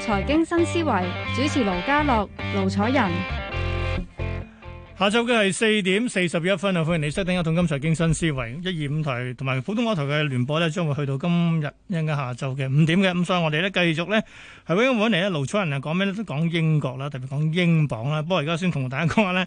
財經新思維，主持盧家樂、盧楚仁，下晝嘅係四點四十一分啊！歡迎你收聽《一桶金財經新思維》，一二五台同埋普通話台嘅聯播咧，將會去到今日一陣間下晝嘅五點嘅。咁所以我哋咧繼續咧係搵一搵嚟咧，盧楚仁啊，講咩咧都講英國啦，特別講英鎊啦。不過而家先同大家講下咧，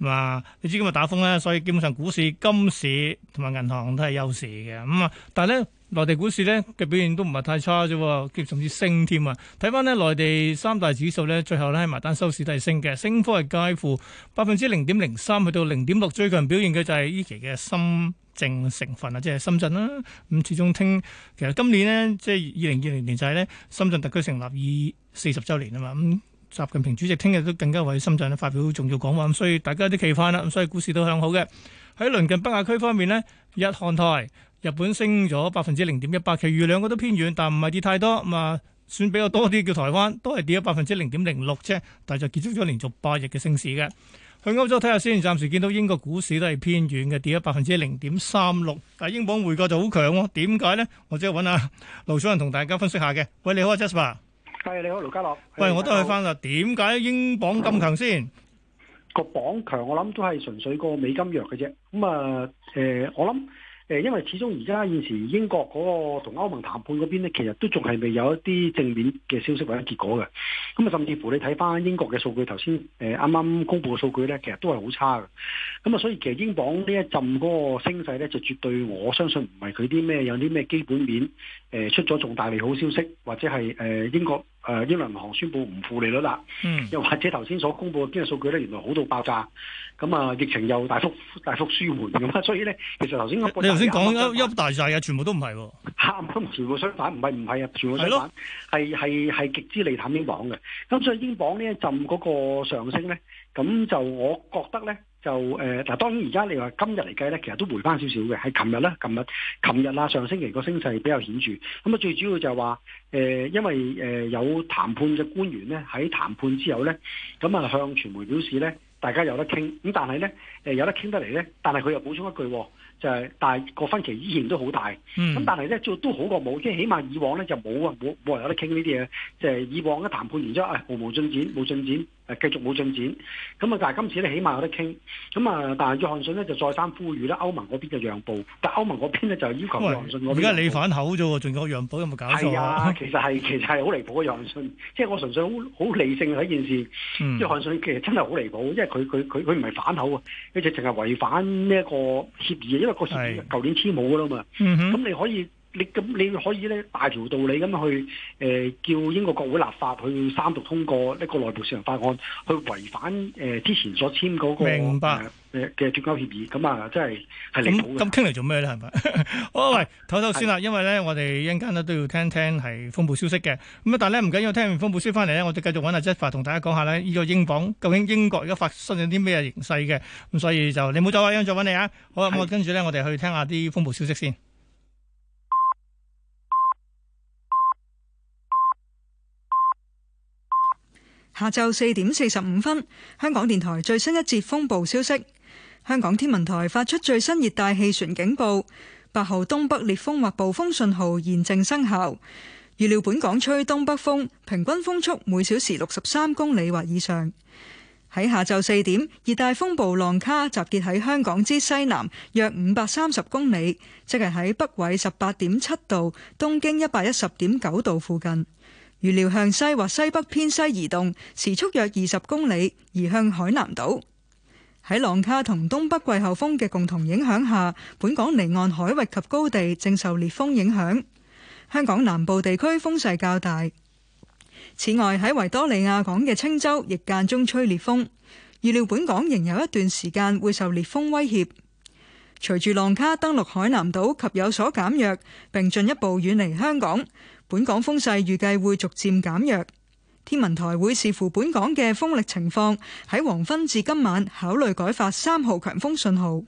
嗱，你知今日打風啦，所以基本上股市、金市同埋銀行都係休市嘅。咁啊，但係咧。內地股市咧嘅表現都唔係太差啫，甚至升添啊！睇翻咧內地三大指數咧，最後咧埋單收市都係升嘅。升幅係介乎百分之零點零三去到零點六。最近表現嘅就係呢期嘅深證成分啊，即係深圳啦。咁始終聽其實今年咧，即係二零二零年就係咧深圳特區成立二四十週年啊嘛。咁習近平主席聽日都更加為深圳咧發表重要講話，咁所以大家有啲期盼啦。咁所以股市都向好嘅。喺鄰近北亞區方面咧，日韓台。日本升咗百分之零點一八，其餘兩個都偏軟，但唔係跌太多，咁啊算比較多啲叫台灣，都係跌咗百分之零點零六啫，但係就結束咗連續八日嘅升市嘅。去歐洲睇下先，暫時見到英國股市都係偏軟嘅，跌咗百分之零點三六，但係英鎊匯價就好強咯、哦。點解呢？我走去搵下盧楚仁同大家分析下嘅。喂，你好，Jasper。係 Jas 你好，盧家樂。喂，我都去翻啦。點解英鎊咁強先？嗯，這個鎊強，我諗都係純粹個美金弱嘅啫。咁、嗯、啊，誒、呃，我諗。誒，因為始終而家現時英國嗰個同歐盟談判嗰邊咧，其實都仲係未有一啲正面嘅消息或者結果嘅。咁、嗯、啊，甚至乎你睇翻英國嘅數據，頭先誒啱啱公布嘅數據咧，其實都係好差嘅。咁、嗯、啊，所以其實英鎊呢一陣嗰個升勢咧，就絕對我相信唔係佢啲咩有啲咩基本面誒、呃、出咗重大利好消息，或者係誒、呃、英國，誒，英倫銀行宣布唔負利率啦，又或者頭先所公布嘅經濟數據咧，原來好到爆炸，咁啊，疫情又大幅大幅舒緩，咁啊，所以咧，其實頭先我覺得你頭先講一噏大晒嘅，全部都唔係喎，都全部相反，唔係唔係啊，全部相反，係係係極之利淡英鎊嘅，咁所以英鎊呢，浸嗰個上升咧，咁就我覺得咧。就誒嗱，呃、當然而家你話今日嚟計咧，其實都回翻少少嘅，係琴日啦，琴日、琴日啊，上星期個升勢比較顯著。咁、嗯、啊，最主要就係話誒，因為誒、呃、有談判嘅官員咧，喺談判之後咧，咁啊向傳媒表示咧，大家有得傾。咁但係咧，誒有得傾得嚟咧，但係佢又補充一句，就係、是、但係個分歧依，依然都好大。咁但係咧，就都好過冇，即係起碼以往咧就冇啊冇冇人有得傾呢啲嘢，即、就、係、是、以往嘅談判完之後，唉、哎，毫無進展，冇進展。誒繼續冇進展，咁啊但係今次咧，起碼有得傾，咁啊但係約翰遜咧就再三呼籲咧，歐盟嗰邊就讓步，但歐盟嗰邊咧就要求約翰遜。而家你反口啫喎，仲有讓步有冇搞錯？係啊，其實係其實係好離譜嘅約翰遜，即係我純粹好好理性嘅一件事。嗯、約翰遜其實真係好離譜，因為佢佢佢佢唔係反口啊，佢就淨係違反呢一個協議，因為個協議舊年簽冇㗎啦嘛。咁是、嗯、哼你可以。你咁你可以咧，大條道理咁去誒，叫英國國會立法去三讀通過呢個內部市場法案，去違反誒之前所簽嗰個嘅嘅雙方協議。咁啊，真係係嚟好咁咁傾嚟做咩咧？係、嗯、咪？嗯、 好，喂，唞唞先啦。的因為咧，我哋一陣間咧都要聽聽係風暴消息嘅。咁啊，但係咧唔緊要，聽完風暴消息翻嚟咧，我哋繼續揾阿執法同大家講下咧，呢、這個英鎊究竟英國而家發生咗啲咩形勢嘅？咁所以就你唔好走啊，一陣再揾你啊。好，我跟住咧，我哋去聽下啲風暴消息先。下晝四點四十五分，香港電台最新一節風暴消息。香港天文台發出最新熱帶氣旋警報，八號東北烈風或暴風信號現正生效。預料本港吹東北風，平均風速每小時六十三公里或以上。喺下晝四點，熱帶風暴浪卡集結喺香港之西南約五百三十公里，即係喺北緯十八點七度、東經一百一十點九度附近。預料向西或西北偏西移動，時速約二十公里，移向海南島。喺浪卡同東北季候風嘅共同影響下，本港離岸海域及高地正受烈風影響。香港南部地區風勢較大。此外，喺維多利亞港嘅青洲亦間中吹烈風，預料本港仍有一段時間會受烈風威脅。隨住浪卡登陸海南島及有所減弱，並進一步遠離香港，本港風勢預計會逐漸減弱。天文台會視乎本港嘅風力情況,喺黃昏至今晚考慮改發三號強風信號。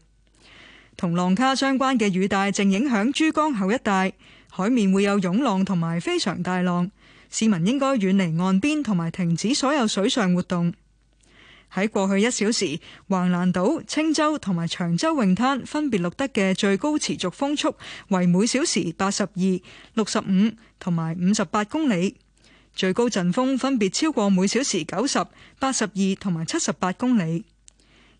同浪卡相關嘅雨帶正影響珠江口一帶,海面會有湧浪同埋非常大浪,市民應該遠離岸邊同埋停止所有水上活動。喺過去一小時，橫瀾島、青洲同埋長洲泳灘分別錄得嘅最高持續風速為每小時八十二、六十五同埋五十八公里，最高陣風分別超過每小時九十、八十二同埋七十八公里。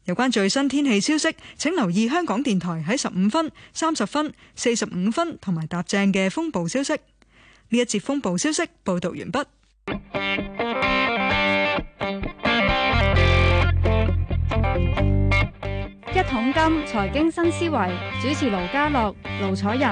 有關最新天氣消息，請留意香港電台喺十五分、三十分、四十五分同埋踏正嘅風暴消息。呢一節風暴消息報道完畢。統金財經新思維主持盧家樂、盧楚仁，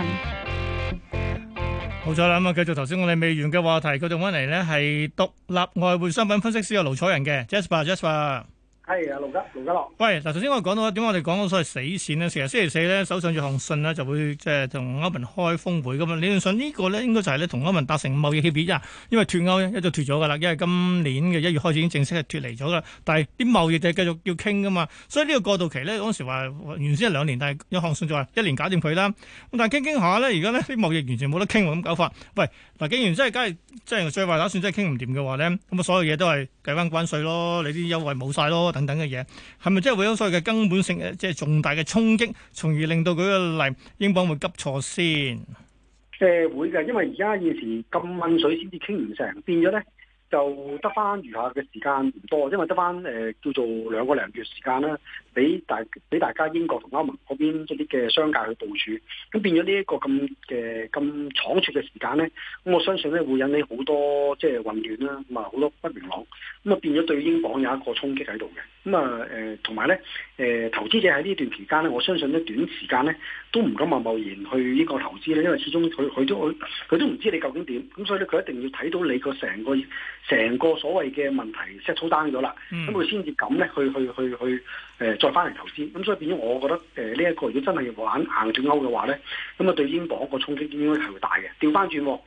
好彩啦咁啊！繼續頭先我哋未完嘅話題，佢仲翻嚟咧，係獨立外匯商品分析師嘅盧楚仁嘅，Jasper，Jasper。Jasper, Jasper 係啊，龍吉，龍吉樂。喂，嗱，頭先我講到點解，我哋講咗所謂死線呢？成日星期四咧，首相約翰遜呢就會即係同歐盟開峰會咁啊。理論上呢個咧，應該就係咧同歐盟達成貿易協議啊。因為脫歐咧，一早脫咗噶啦，因為今年嘅一月開始已經正式係脫離咗噶啦。但係啲貿易就繼續要傾噶嘛，所以呢個過渡期咧，嗰時話原先係兩年，但係約翰遜就話一年搞掂佢啦。咁但係傾傾下咧，而家呢啲貿易完全冇得傾喎，咁搞法。喂，嗱，既然真係梗係即係最壞打算真，真係傾唔掂嘅話咧，咁啊，所有嘢都係計翻關稅咯，你啲優惠冇晒咯。等等嘅嘢，係咪真係會有所謂嘅根本性嘅即係重大嘅衝擊，從而令到佢個例英鎊會急挫先？即係、呃、會嘅，因為而家現時咁掹水先至傾唔成，變咗咧。就得翻餘下嘅時間唔多，因為得翻誒叫做兩個零月時間啦，俾大俾大家英國同歐盟嗰邊一啲嘅商界去部署，咁變咗、呃、呢一個咁嘅咁倉促嘅時間咧，咁我相信咧會引起好多即係混亂啦，咁啊好多不明朗，咁啊變咗對英鎊有一個衝擊喺度嘅。咁啊，誒同埋咧，誒投資者喺呢段期間咧，我相信咧短時間咧都唔敢貿貿然去呢個投資咧，因為始終佢佢都佢都唔知你究竟點，咁所以咧佢一定要睇到你個成個成個所謂嘅問題 set 操單咗啦，咁佢先至敢咧去去去去誒、呃、再翻嚟投資。咁所以變咗，我覺得誒呢一個如果真係要玩硬脫歐嘅話咧，咁啊對英鎊個衝擊應該係會大嘅。調翻轉。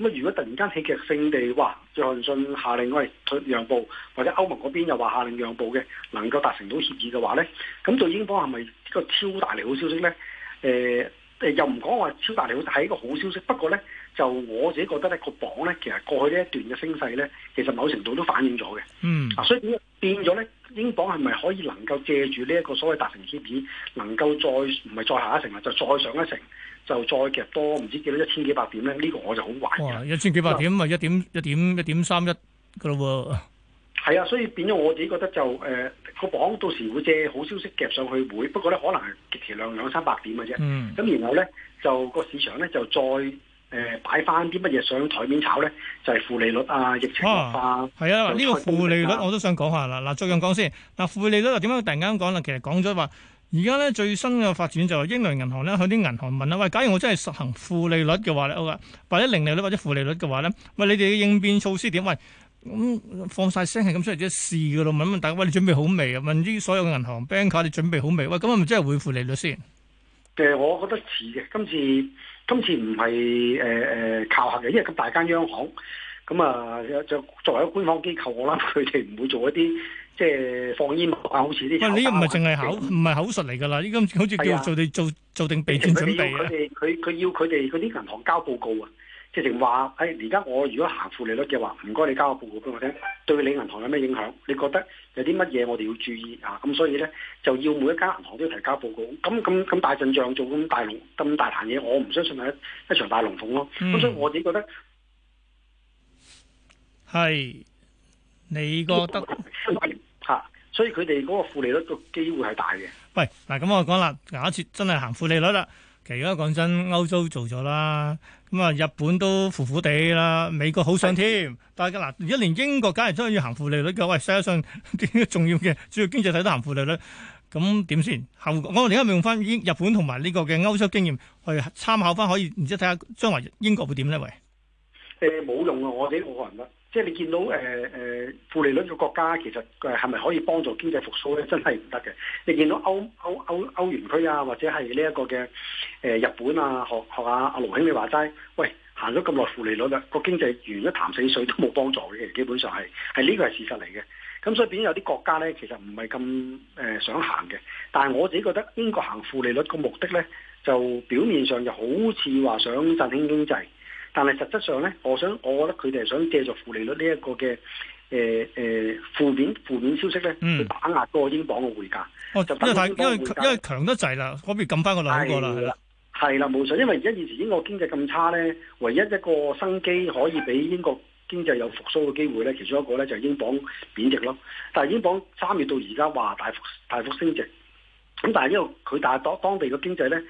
咁如果突然間戲劇性地話，約翰遜下令喂退讓步，或者歐盟嗰邊又話下令讓步嘅，能夠達成到協議嘅話咧，咁對英鎊係咪一個超大利好消息咧？誒、呃、誒，又唔講話超大利好，係一個好消息。不過咧，就我自己覺得咧，個鎊咧，其實過去呢一段嘅升勢咧，其實某程度都反映咗嘅。嗯。啊，所以變咗咧，英鎊係咪可以能夠借住呢一個所謂達成協議，能夠再唔係再下一成啊，就再上一成？就再夾多唔知幾多一千幾百點咧？呢、呢個我就好懷疑。一千幾百點咪一點一點一點三一嘅咯喎。係啊、哦，所以變咗我自己覺得就誒個榜到時會借好消息夾上去，會不過咧可能係極其量兩三百點嘅啫。咁、嗯嗯、然後咧就、嗰個市場咧就再誒擺翻啲乜嘢上台面炒咧，呃、就係負利率啊、疫情化。係的啊，呢、啊呢個負利率我都想講下啦。嗱，張勇講先，嗱負利率又點解突然間講啦？其實講咗話。而家咧最新嘅發展就係英倫銀行咧，向啲銀行問啦，喂，假如我真係實行負利率嘅話咧，好啊或者零利率或者負利率嘅話咧，喂，你哋嘅應變措施點？喂，咁、嗯、放晒聲係咁出嚟，即係試㗎咯，問問大家，喂，你準備好未啊？問啲所有嘅銀行 banker，你準備好未？喂，咁啊，咪真係會負利率先？嘅、呃，我覺得似嘅，今次今次唔係誒誒靠嚇嘅，因為咁大間央行。咁啊，就、嗯、作為一個官方機構，我諗佢哋唔會做一啲即係放煙幕啊，好似呢啲。喂，呢個唔係淨係口，唔係口述嚟㗎啦。呢個好似叫做做做定備戰準備佢哋，佢佢要佢哋嗰啲銀行交報告啊。直情話，誒而家我如果行負利率嘅話，唔該你交個報告俾我聽，對你銀行有咩影響？你覺得有啲乜嘢我哋要注意啊？咁所以咧，就要每一間銀行都要提交報告。咁咁咁大陣仗做咁大咁大壇嘢，我唔相信係一場大龍鳳咯。咁、嗯、所以我自己覺得。係你覺得嚇，所以佢哋嗰個負利率個機會係大嘅。喂，嗱咁我講啦，假設真係行負利率啦，其實而家講真，歐洲做咗啦，咁啊日本都苦苦地啦，美國好想添。的但係嗱，而家連英國梗係都要行負利率嘅。喂，世界上最重要嘅主要經濟體都行負利率，咁點先後？我哋而家用翻日本同埋呢個嘅歐洲經驗去參考翻，可以然之後睇下將來英國會點呢？喂，誒冇、欸、用啊！我哋己冇覺得。即係你見到誒誒、呃、負利率嘅國家，其實誒係咪可以幫助經濟復甦咧？真係唔得嘅。你見到歐歐歐歐元區啊，或者係呢一個嘅誒、呃、日本啊，學學阿阿盧兄你話齋，喂，行咗咁耐負利率啦，個經濟完一潭死水都冇幫助嘅，基本上係係呢個係事實嚟嘅。咁所以變咗有啲國家咧，其實唔係咁誒想行嘅。但係我自己覺得英國行負利率個目的咧，就表面上就好似話想振興經濟。但係實質上咧，我想我覺得佢哋係想借助負利率呢一個嘅誒誒負面負面消息咧，嗯、去打壓嗰個英鎊嘅匯價。哦，就因為因為因為強得滯啦，可唔可以撳翻個兩個啦？係啦，係啦，冇錯。因為而家以前英國經濟咁差咧，唯一一個生機可以俾英國經濟有復甦嘅機會咧，其中一個咧就係、是、英鎊貶值咯。但係英鎊三月到而家話大幅大幅升值，咁但係因為佢但係當地嘅經濟咧。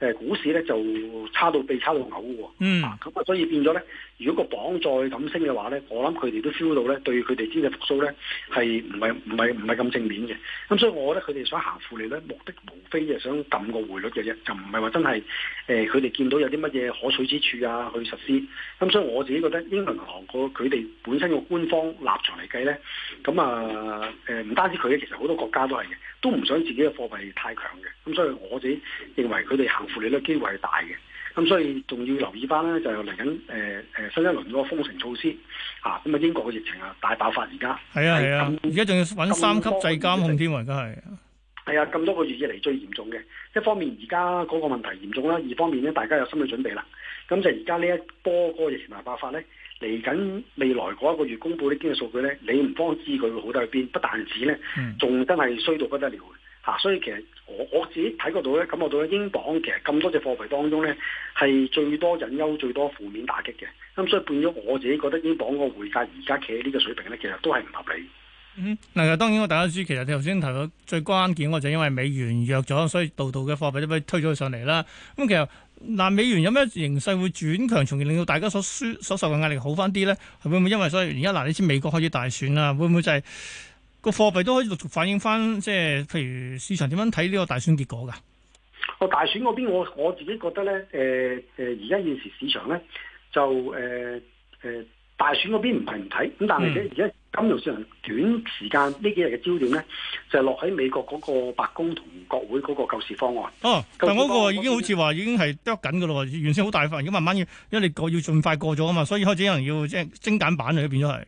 誒股市咧就差到被差到嘔喎，嗯，咁啊所以變咗咧。 如果個鎊再咁升嘅話咧，我諗佢哋都 feel 到咧，對佢哋之嘅復甦咧係唔係唔係唔係咁正面嘅。咁、嗯、所以，我覺得佢哋想行負利率，目的無非就係想撳個匯率嘅啫，就唔係話真係誒佢哋見到有啲乜嘢可取之處啊去實施。咁、嗯、所以我自己覺得，英倫銀行個佢哋本身個官方立場嚟計咧，咁、嗯、啊誒唔、呃、單止佢嘅，其實好多國家都係嘅，都唔想自己嘅貨幣太強嘅。咁、嗯、所以我自己認為佢哋行負利率機會係大嘅。咁、嗯、所以仲要留意翻咧，就嚟緊誒誒新一輪嗰個封城措施嚇。咁啊、嗯、英國嘅疫情啊大爆發而家。係啊係啊，而家仲要搵三級制監控添，而家係。係啊，咁、啊、多個月以嚟最嚴重嘅。一方面而家嗰個問題嚴重啦，二方面咧大家有心理準備啦。咁就而家呢一波個疫情大爆發咧，嚟緊未來嗰一個月公佈啲經濟數據咧，你唔方知佢會好到去邊。不但止咧，仲真係衰到不得了。嗯嗯嗱、啊，所以其實我我自己睇過到咧，感覺到咧，英鎊其實咁多隻貨幣當中咧，係最多隱憂、最多負面打擊嘅。咁、嗯、所以變咗我自己覺得，英鎊個匯價而家企喺呢個水平咧，其實都係唔合理。嗯，嗱，當然我大家知，其實你頭先提到最關鍵嘅就係因為美元弱咗，所以道道嘅貨幣都俾推咗上嚟啦。咁、嗯、其實嗱，美元有咩形勢會轉強，從而令到大家所輸所受嘅壓力好返啲咧？係會唔會因為所以而家嗱，你知美國開始大選啦、啊，會唔會就係、是？個貨幣都可以陸續反映翻，即係譬如市場點樣睇呢個大選結果噶？個、哦、大選嗰邊，我我自己覺得咧，誒、呃、誒、而、呃、家現時市場咧就誒誒、呃呃、大選嗰邊唔係唔睇，咁但係而家金融上短時間呢幾日嘅焦點咧就係、是、落喺美國嗰個白宮同國會嗰個救市方案。哦、啊，但嗰個已經好似話已經係剁緊噶啦，原先好大份，而家慢慢要因為你過要盡快過咗啊嘛，所以開始可能要即係精簡版嚟，變咗係。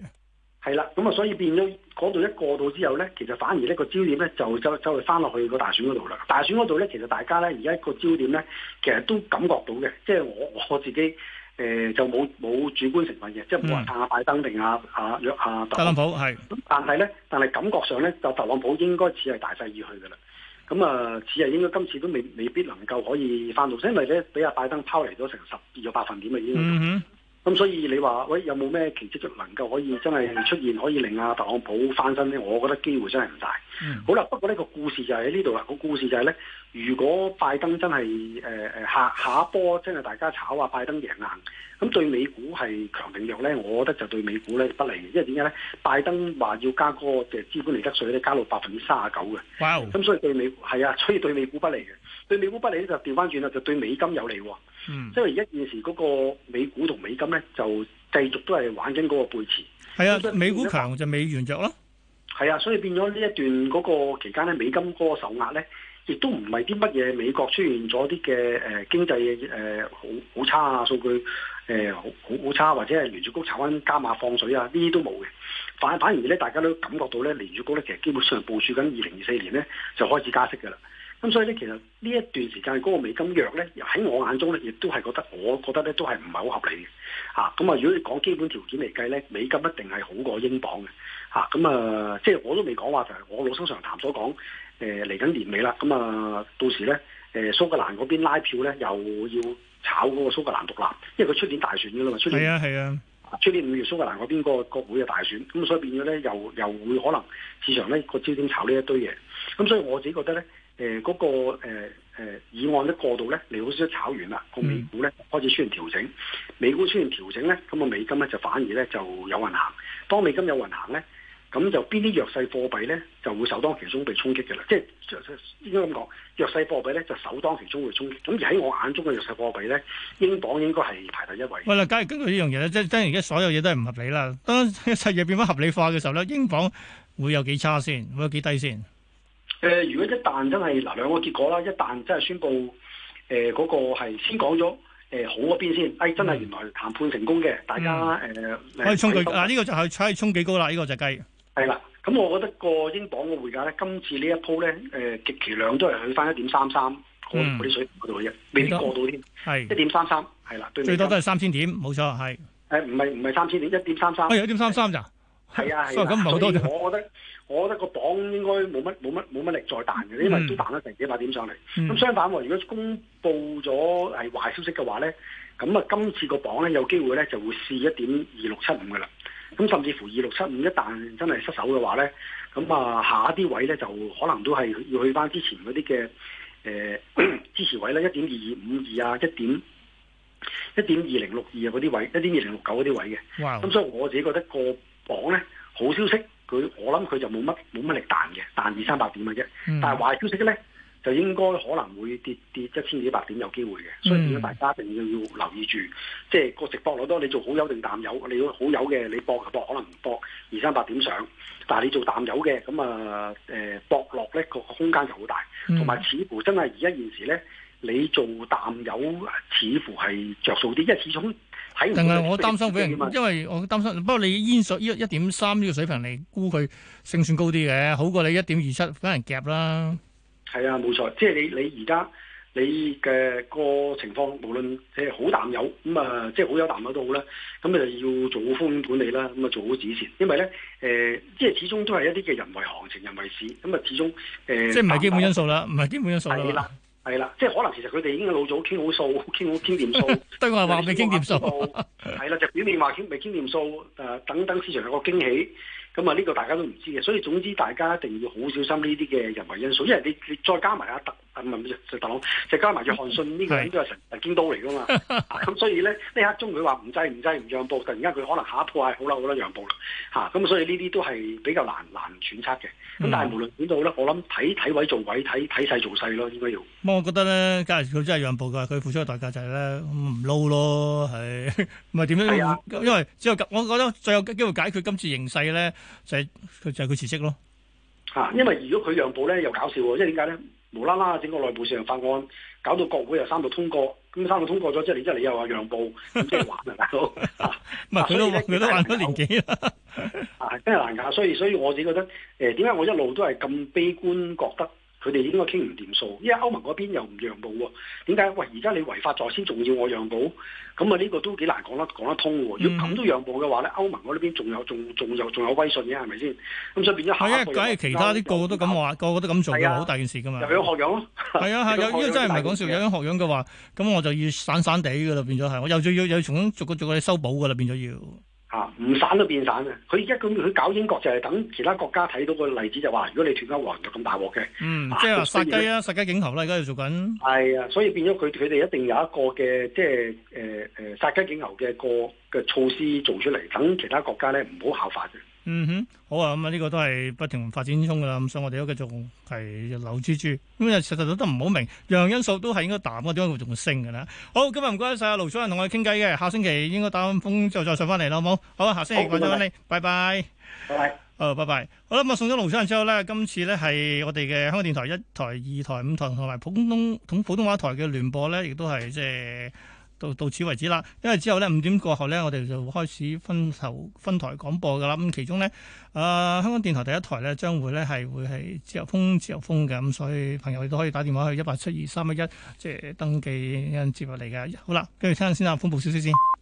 係啦，咁啊、嗯，所以變咗嗰度一過到之後咧，其實反而呢個焦點咧就就就係翻落去個大選嗰度啦。大選嗰度咧，其實大家咧而家個焦點咧，其實都感覺到嘅，即係我我自己誒、呃、就冇冇主觀成分嘅，即係冇人撐阿、啊、拜登定阿阿約阿特朗普係。但係咧，但係感覺上咧，就特朗普應該似係大勢而去㗎啦。咁啊，似、呃、係應該今次都未未必能夠可以翻到，因為咧俾阿拜登拋離咗成十二個百分點嘅已經。咁、嗯、所以你話喂，有冇咩奇蹟就能夠可以真係出現可以令阿特朗普翻身呢？我覺得機會真係唔大。嗯，好啦，不過呢個故事就喺呢度啦。個故事就係、是、咧，如果拜登真係誒誒下下一波真係大家炒啊拜登贏硬，咁對美股係強定弱咧，我覺得就對美股咧不利嘅，因為點解咧？拜登話要加個嘅資本利得稅咧，加到百分之三十九嘅。咁哇、嗯、所以對美係啊，所以對美股不利嘅。對美股不利，就調翻轉啦，就對美金有利喎。嗯，因為而家現時嗰個美股同美金咧，就繼續都係玩緊嗰個背馳。係啊，所以美股強就美元弱咯。係啊，所以變咗呢一段嗰個期間咧，美金嗰個受壓咧，亦都唔係啲乜嘢。美國出現咗啲嘅誒經濟誒好好差啊數據誒好好差，或者係聯儲局炒翻加碼放水啊，呢啲都冇嘅。反反而咧，大家都感覺到咧，聯儲局咧其實基本上部署緊二零二四年咧，就開始加息嘅啦。咁、嗯、所以咧，其實呢一段時間嗰個美金弱咧，喺我眼中咧，亦都係覺得我覺得咧都係唔係好合理嘅嚇。咁啊，如果你講基本條件嚟計咧，美金一定係好過英鎊嘅嚇。咁啊，嗯、即係我都未講話就係、係、我老生常談所講，誒嚟緊年尾啦。咁啊，到時咧，誒、呃、蘇格蘭嗰邊拉票咧，又要炒嗰個蘇格蘭獨立，因為佢出年大選噶啦嘛。出年，係啊係啊，出年五月蘇格蘭嗰邊、嗰個國、嗰個、會嘅大選，咁、嗯、所以變咗咧，又又會可能市場咧個焦點炒呢一堆嘢。咁、嗯嗯、所以我自己覺得咧。誒嗰、呃那個誒誒、呃呃、議案一過到咧，你好似息炒完啦，個美股咧開始出現調整，美股出現調整咧，咁個美金咧就反而咧就有運行。當美金有運行咧，咁就邊啲弱勢貨幣咧就會首當其衝被衝擊嘅啦。即係應該咁講，弱勢貨幣咧就首當其衝會衝擊。咁而喺我眼中嘅弱勢貨幣咧，英鎊應該係排第一位。喂啦，假如根據呢樣嘢咧，即係即係而家所有嘢都係唔合理啦。當一切嘢變翻合理化嘅時候咧，英鎊會有幾差先？會有幾低先？誒、呃，如果一旦真係嗱兩個結果啦，一旦真係宣布誒嗰、呃那個係先講咗誒好嗰邊先，哎真係原來談判成功嘅，嗯、大家誒可以衝幾啊？呢、呃這個就係可以衝幾高、這個就是、啦？呢個隻雞係啦，咁我覺得個英鎊嘅匯價咧，今次呢一鋪咧誒，極其、呃、量都係去翻一點三三嗰嗰啲水度嘅，未必過到添，係一點三三係啦，對對最多都係三千點，冇錯係誒，唔係唔係三千點，一點三三，一點三三咋？係啊，係啦，所以我覺得我覺得個榜應該冇乜冇乜冇乜力再彈嘅，因為都彈咗成幾百點上嚟。咁、嗯、相反如果公布咗係壞消息嘅話咧，咁啊今次個榜咧有機會咧就會試一點二六七五嘅啦。咁甚至乎二六七五一旦真係失手嘅話咧，咁啊下一啲位咧就可能都係要去翻之前嗰啲嘅誒支持位咧，一點二五二啊，一點一點二零六二啊嗰啲位，一點二零六九嗰啲位嘅。咁 Wow. 所以我自己覺得個講咧、嗯、好消息，佢我諗佢就冇乜冇乜力彈嘅，彈二三百點嘅啫。但係壞消息嘅咧，就應該可能會跌跌一千幾百點有機會嘅，所以大家一定要留意住，嗯、即係個直播攞多，你做好友定淡友，你好友嘅，你博就博，可能唔博二三百點上。但係你做淡友嘅，咁啊誒、呃，博落咧個空間就好大，同埋似乎真係而家現時咧，你做淡友，似乎係着數啲，因為始終。但係我擔心俾人，因為我擔心。不過你煙水一一點三呢個水平，你估佢勝算高啲嘅，好過你一點二七俾人夾啦。係啊，冇、 嗯、錯。即係你你而家你嘅個情況，無論係好淡有咁啊、嗯，即係好有淡嘅都好啦。咁啊，要做好風險管理啦，咁啊做好止蝕。因為咧，誒、呃，即係始終都係一啲嘅人為行情、人為市。咁啊，始終誒，呃、即係唔係基本因素啦，唔係有基本因素啦。係啦，即係可能其實佢哋已經老早傾好數，傾好傾掂數，對，話話話未傾掂數，係啦，就表面話傾未傾掂數，誒，等等市場有個驚喜，咁啊呢個大家都唔知嘅，所以總之大家一定要好小心呢啲嘅人為因素，因為你你再加埋阿特。咁啊！就特朗普加埋住，漢信呢個人都係神經刀嚟噶嘛。咁所以咧，呢一刻中佢話唔制唔制唔讓步，突然間佢可能下一鋪係好啦好啦讓步啦嚇。咁、啊、所以呢啲都係比較難難揣測嘅。咁、啊、但係無論點都好咧，我諗睇睇位做位，睇睇勢做勢咯，應該要。咁、嗯、我覺得咧，假如佢真係讓步嘅，佢付出嘅代價就係咧唔撈咯，係咪點咧？ 樣的因為只有我覺得最有機會解決今次形勢咧，就係、是、佢就係、是、佢辭職咯嚇、啊。因為如果佢讓步咧，又搞笑喎，即係點解咧？無啦啦，整個內部市場法案搞到國會又三度通過，咁三度通過咗，之後你即係你又話讓步，咁即知玩啊大佬，唔係，所以你都玩咗年幾啊？啊，真係難噶！所以所以我自己覺得，誒點解我一路都係咁悲觀覺得？佢哋應該傾唔掂數，因為歐盟嗰邊又唔讓步喎。點解？喂，而家你違法在先，仲要我讓步？咁啊，呢個都幾難講得講得通喎。如果咁都讓步嘅話咧，歐盟嗰邊仲有仲仲又仲有威信嘅係咪先？咁所以變咗下。係啊，梗係其他啲個個都咁話，個個都咁做，嘅好呀大件事噶嘛。又有學樣咯，係啊係，有呢個真係唔係講笑，有樣學樣嘅話，咁我就要散散地噶啦，變咗係，我又再要又重新逐個逐個去修補噶啦，變咗要。啊！唔散都變散嘅，佢而家佢搞英國就係等其他國家睇到個例子，就話、是、如果你斷歐，會就咁大禍大鑊嘅？嗯，即係殺雞啊，殺雞儆猴啦，而家要做緊。係啊，所以變咗佢佢哋一定有一個嘅，即係誒誒殺雞儆猴嘅個嘅措施做出嚟，等其他國家咧唔好效法嘅。嗯哼，好啊，咁啊呢個都係不停不發展中噶啦，咁所以我哋都繼續係留住住。咁啊，事實都都唔好明，樣因素都係應該淡，點解會仲升噶咧？好，今日唔該晒盧楚仁同我哋傾偈嘅，下星期應該打完風之後再上翻嚟啦，好冇？好啊，下星期再揾你，好拜拜，拜，拜。拜拜。好啦，咁、嗯、啊送咗盧楚仁之後咧，今次咧係我哋嘅香港電台一台、二台、五台同埋普通同普通話台嘅聯播咧，亦都係即係。呃到到此為止啦，因為之後咧五點過後咧，我哋就開始分台分台廣播噶啦。咁其中咧，誒、呃、香港電台第一台咧，將會咧係會係自由風自由風嘅，咁所以朋友你都可以打電話去一八七二三一一，1，即係登記接落嚟嘅。好啦，跟住聽下先啦，風暴小消息先。